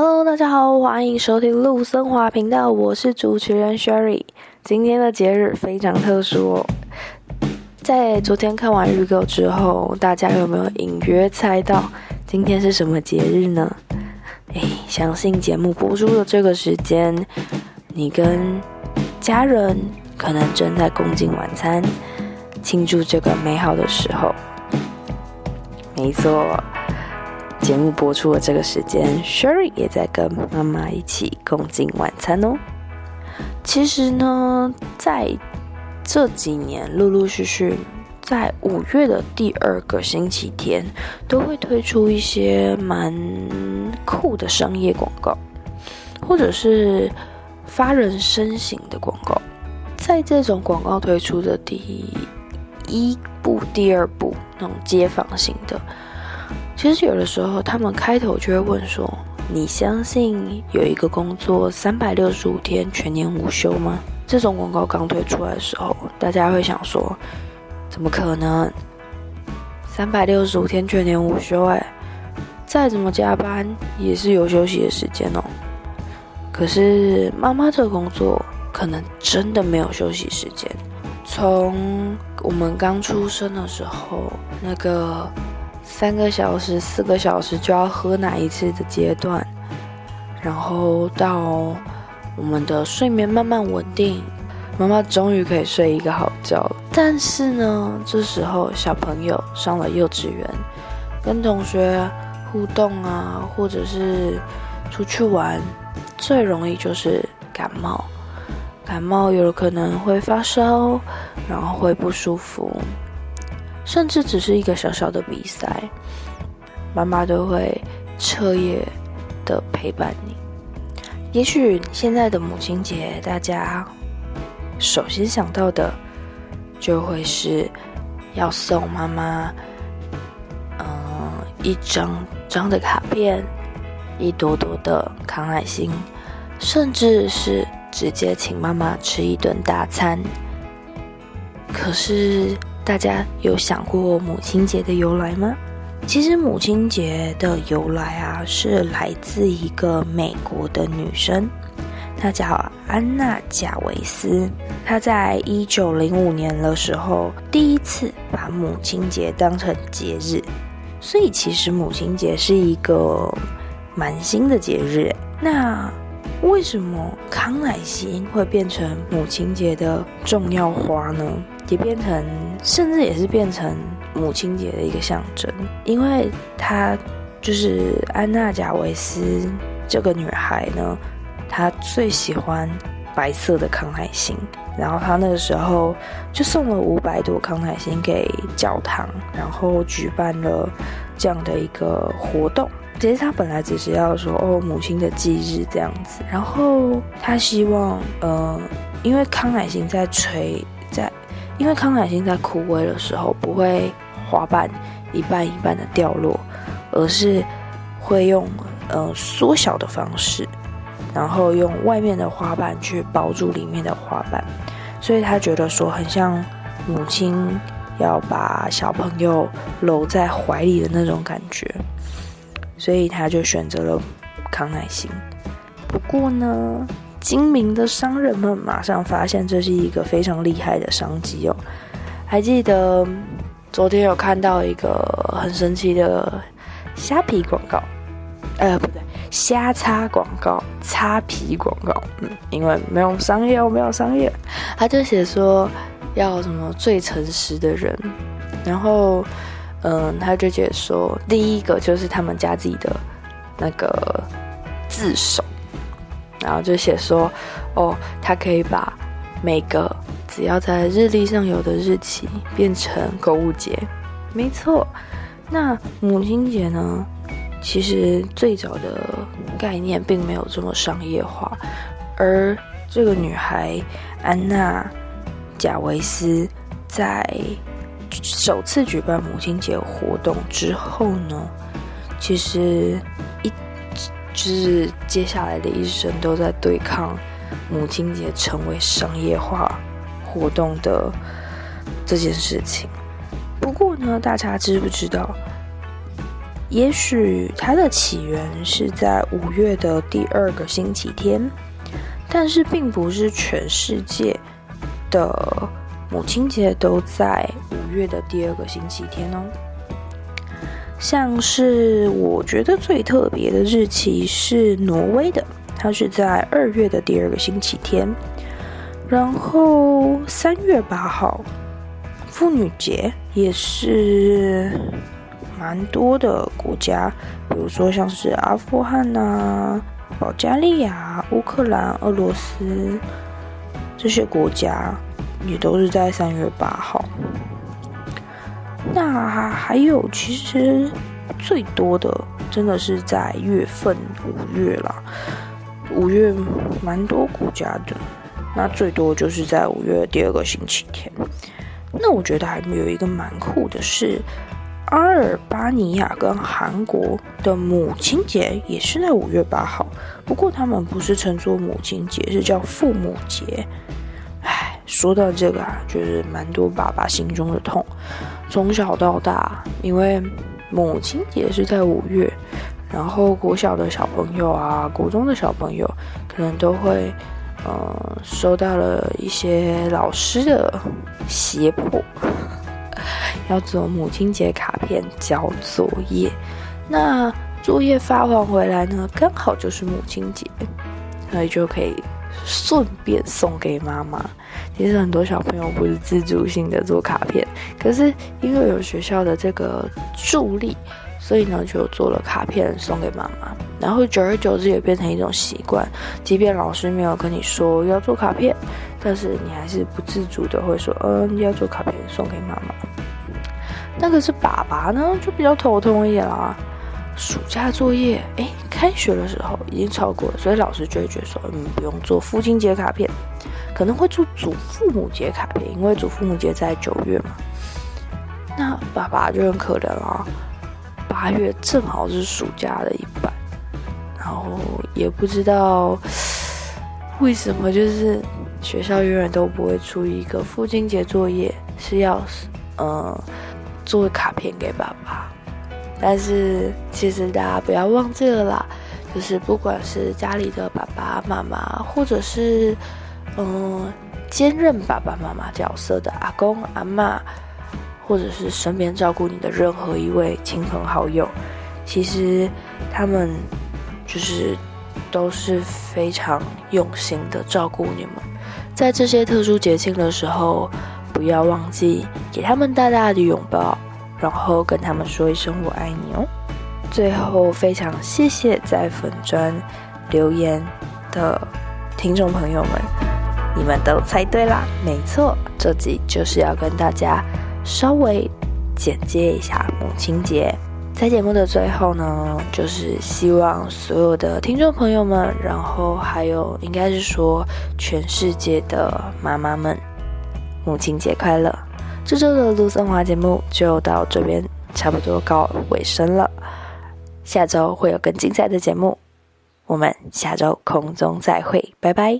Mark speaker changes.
Speaker 1: Hello，大家好，歡迎收聽路森華頻道，我是主持人 Sherry。今天的節日非常特殊哦，在昨天看完預告之後，大家有沒有隱約猜到今天是什麼節日呢？哎，相信節目播出的這個時間，你跟家人可能正在共進晚餐，慶祝這個美好的時候。沒錯。節目播出的這個時間，Sherry 也在跟媽媽一起共進晚餐哦。其實呢，在這幾年陸陸續續，在五月的第二個星期天，都會推出一些蠻酷的商業廣告，或者是發人深省的廣告。在這種廣告推出的第一部、第二部，那種街訪型的。其實有的時候，他們開頭就會問說：“你相信有一個工作三百六十五天全年無休嗎？”這種廣告剛推出來的時候，大家會想說：“怎麼可能？三百六十五天全年無休，欸？哎，再怎麼加班也是有休息的時間哦。”可是媽媽這個工作，可能真的沒有休息時間。從我們剛出生的時候，那個。三個小時、四個小時就要喝奶一次的階段，然後到我們的睡眠慢慢穩定，媽媽終於可以睡一個好覺了。但是呢，這時候小朋友上了幼稚園，跟同學互動啊，或者是出去玩，最容易就是感冒。感冒有可能會發燒，然後會不舒服。甚至只是一個小小的比賽，媽媽都會徹夜的陪伴你。也許現在的母親節，大家首先想到的就會是要送媽媽，嗯，一張張的卡片，一朵朵的康乃馨，甚至是直接請媽媽吃一頓大餐。可是……大家有想過母親節的由來嗎？其實母親節的由來啊，是來自一個美國的女生，她叫安娜·賈維斯。她在一九零五年的時候，第一次把母親節當成節日，所以其實母親節是一個蠻新的節日。那。為什麼康乃馨會變成母親節的重要花呢？也變成，甚至也是變成母親節的一個象徵。因為她就是安娜·賈維斯這個女孩呢，她最喜歡白色的康乃馨，然後她那個時候就送了五百朵康乃馨給教堂，然後舉辦了這樣的一個活動。其實他本來只是要說哦，母親的忌日這樣子。然後他希望，呃，因為康乃馨在垂在，因為康乃馨在枯萎的時候，不會花瓣一瓣一瓣的掉落，而是會用呃縮小的方式，然後用外面的花瓣去包住裡面的花瓣，所以他覺得說很像母親要把小朋友摟在懷裡的那種感覺。所以他就選擇了康乃馨。不過呢，精明的商人們馬上發現這是一個非常厲害的商機哦。還記得昨天有看到一個很神奇的蝦皮廣告，呃，不對，蝦擦廣告，擦皮廣告。嗯，因為沒有商業哦，沒有商業。他就寫說要什麼最誠實的人，然後。嗯，他就解說，第一個就是他們家自己的那個自首，然後就寫說，哦，他可以把每個只要在日曆上有的日期變成購物節，沒錯。那母親節呢？其實最早的概念並沒有這麼商業化，而這個女孩安娜賈維斯在，首次舉辦母親節活動之後呢，其實一直接下來的一生都在對抗母親節成為商業化活動的這件事情。不過呢，大家知不知道？也許它的起源是在五月的第二個星期天，但是並不是全世界的。母親節都在五月的第二個星期天哦。像是我覺得最特別的日期是挪威的，它是在二月的第二個星期天。然後三月八號，婦女節也是蠻多的國家，比如說像是阿富汗啊、保加利亞、烏克蘭、俄羅斯這些國家。也都是在三月八號。那還有，其實最多的真的是在月份五月啦，五月蠻多國家的。那最多就是在五月第二個星期天。那我覺得還沒有一個蠻酷的是，阿爾巴尼亞跟韓國的母親節也是在五月八號，不過他們不是稱作母親節，是叫父母節。說到這個啊，就是蠻多爸爸心中的痛。從小到大，因為母親節是在五月，然後國小的小朋友啊，國中的小朋友可能都會，呃，收到了一些老師的脅迫，要做母親節卡片交作業。那作業發還回來呢，剛好就是母親節，所以就可以順便送給媽媽。其實很多小朋友不是自主性的做卡片，可是因為有學校的這個助力，所以呢就做了卡片送給媽媽。然後久而久之也變成一種習慣，即便老師沒有跟你說要做卡片，但是你還是不自主的會說，嗯、呃，要做卡片送給媽媽。那可是爸爸呢，就比較頭痛一點啦。暑假作業，哎，開學的時候已經超過了，所以老師就會覺得說，嗯，不用做父親節卡片，可能會做祖父母節卡片，因為祖父母節在九月嘛。那爸爸就很可能啊，八月正好是暑假的一半，然後也不知道為什麼，就是學校永遠都不會出一個父親節作業，是要，嗯，做卡片給爸爸。但是其實大家不要忘記了啦，就是不管是家裡的爸爸媽媽，或者是嗯兼任爸爸媽媽角色的阿公阿嬤，或者是身邊照顧你的任何一位親朋好友，其實他們就是都是非常用心的照顧你們，在這些特殊節慶的時候，不要忘記給他們大大的擁抱。然後跟他們說一聲我愛你哦。最後非常謝謝在粉專留言的聽眾朋友們，你們都猜對啦，沒錯，這集就是要跟大家稍微簡介一下母親節。在節目的最後呢，就是希望所有的聽眾朋友們，然後還有應該是說全世界的媽媽們，母親節快樂。這週的路森華節目就到這邊差不多告尾聲了，下週會有更精彩的節目，我們下週空中再會，拜拜。